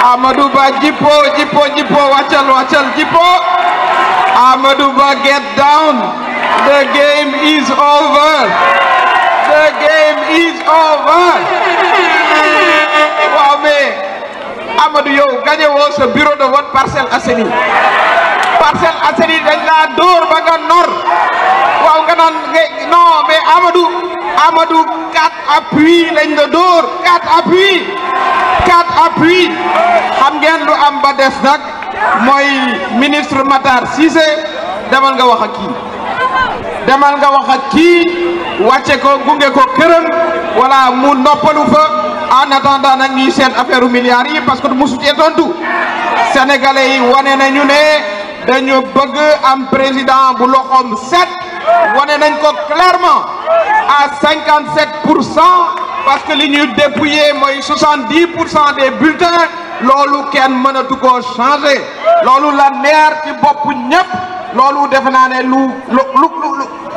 Amadou Ba jippo jippo jippo wàccal wàccal jippo Ba get down the game is over the game is over waaw mais Amadou yow gagné sa bureau de vote Parcelles Assainies Parcelles Assainies dañ laa dóor ba nga nor waaw nga naan non mais Amadou Amadou quatre appuis lañ la dóor quatre appuis quatre appuis xam ngeen du am ba des nag mooy ministre Matar Cissé demal nga wax ak kii demal nga wax ak kii wàcce ko gunge ko këram wala mu noppalu fa en attendant nag ñuy seen affaire milliards yi parce que mosu cee tontu sénégalais yi wane nañu ne dañu bëgg am président bu loxoom set wane nañ ko clairement à 57 pour cent parce que li ñuy dépouiller mooy soixante dix pour cent des bulletins loolu kenn mënatu koo changer loolu la neer ci bopp ñëpp loolu defe naa ne lu lu lu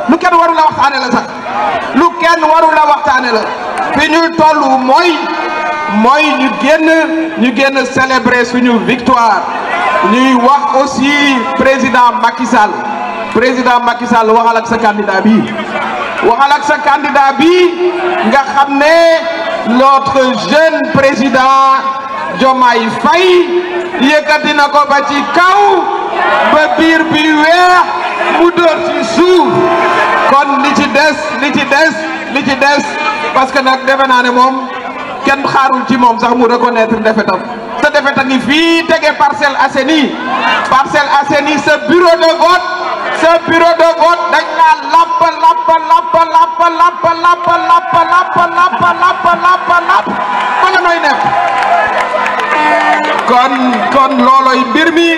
lu kenn waru la waxtaane la sax lu kenn waru la waxtaane la fi ñuy toll mooy mooy ñu génn ñu génn célébrer suñu victoire ñuy wax aussi président Macky Sall président Macky Sall waxal ak sa candidat bi waxal ak sa candidat bi nga xam ne notre jeune président Diomaye Faye yëkkati na ko ba ci kaw ba biir bi weex mu dóor ci kon li ci des li ci des li ci des parce que nag defe naa ne moom kenn xaarul ci moom sax mu reconnaître defetam te defeta ni fii tege Parcelles Assainies Parcelles Assainies sa bureau de sa bureau de vote dañ naa lapp lapp lapp lapp lapp lapp lapp lapp lapp lapp lapp lapp ba nga nooy def kon kon looloy mbir mi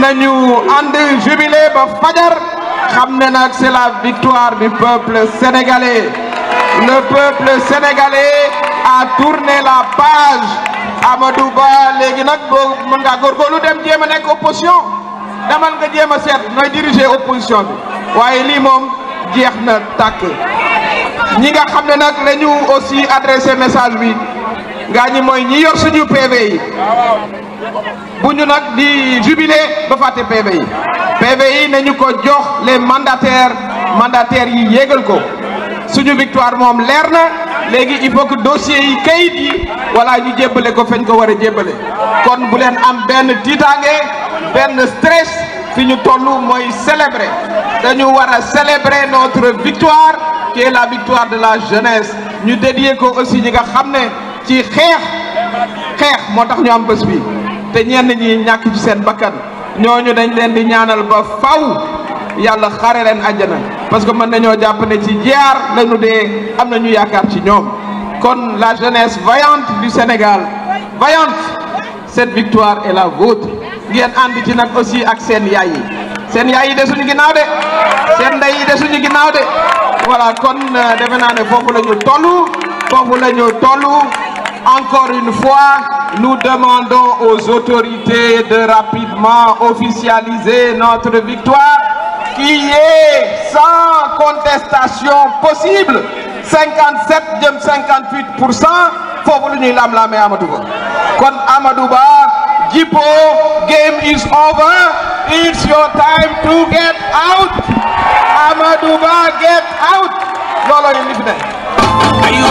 nañu ànd jubilé ba fajar xam ne nag c'est la victoire du peuple sénégalais le peuple sénégalais a tourné la page Amadou Ba léegi nag boo mën ngaa góorgóorlu dem jéem a nekk opposition damal nga jéem a seet nooy diriger opposition bi waaye lii moom jeex na tàkk ñi nga xam ne nag la ñu aussi adressé message bi ngaa ñi mooy ñi yor suñu PV yi bu ñu nag di jubiler ba fàtte yi PV yi nañu ko jox les mandataires mandataires yi yéegal ko suñu victoire moom leer na léegi il faut que dossiers yi kayit yi walla ñu jébbale ko feñ ko war a jébbale kon bu leen am benn tiitaange benn stress fi ñu toll mooy célébrer dañu war a célébrer notre victoire qui est la victoire de la jeunesse ñu dédié ko aussi ñi nga xam ne ci xeex xeex moo tax ñu am bés bi te ñenn ñi ñàkk ci seen bakkan ñoo ñu dañ leen di ñaanal ba faw yàlla xare leen àjjana parce que mën nañoo jàpp ne ci jaar lañu dee am na ñu yaakaar ci ñoom kon la jeunesse vaillante du Sénégal vaillante cette victoire est la vôtre ngeen ànd ci nag aussi ak seen yaay yi seen yaay yi desuñu ginnaaw de seen ndey yi desuñu ginnaaw de voilà kon euh, defe naa ne foofu la ñu toll foofu la ñu toll encore une fois nous demandons aux autorités de rapidement officialiser notre victoire qui est sans contestation possible 57 jëm 58 pour cent foofu lu ñuy lam-lamee Amadou Ba kon Amadou Ba. Jippo, game is over. It's your time to get out. Amadou Ba, get out. looloo ñu li fi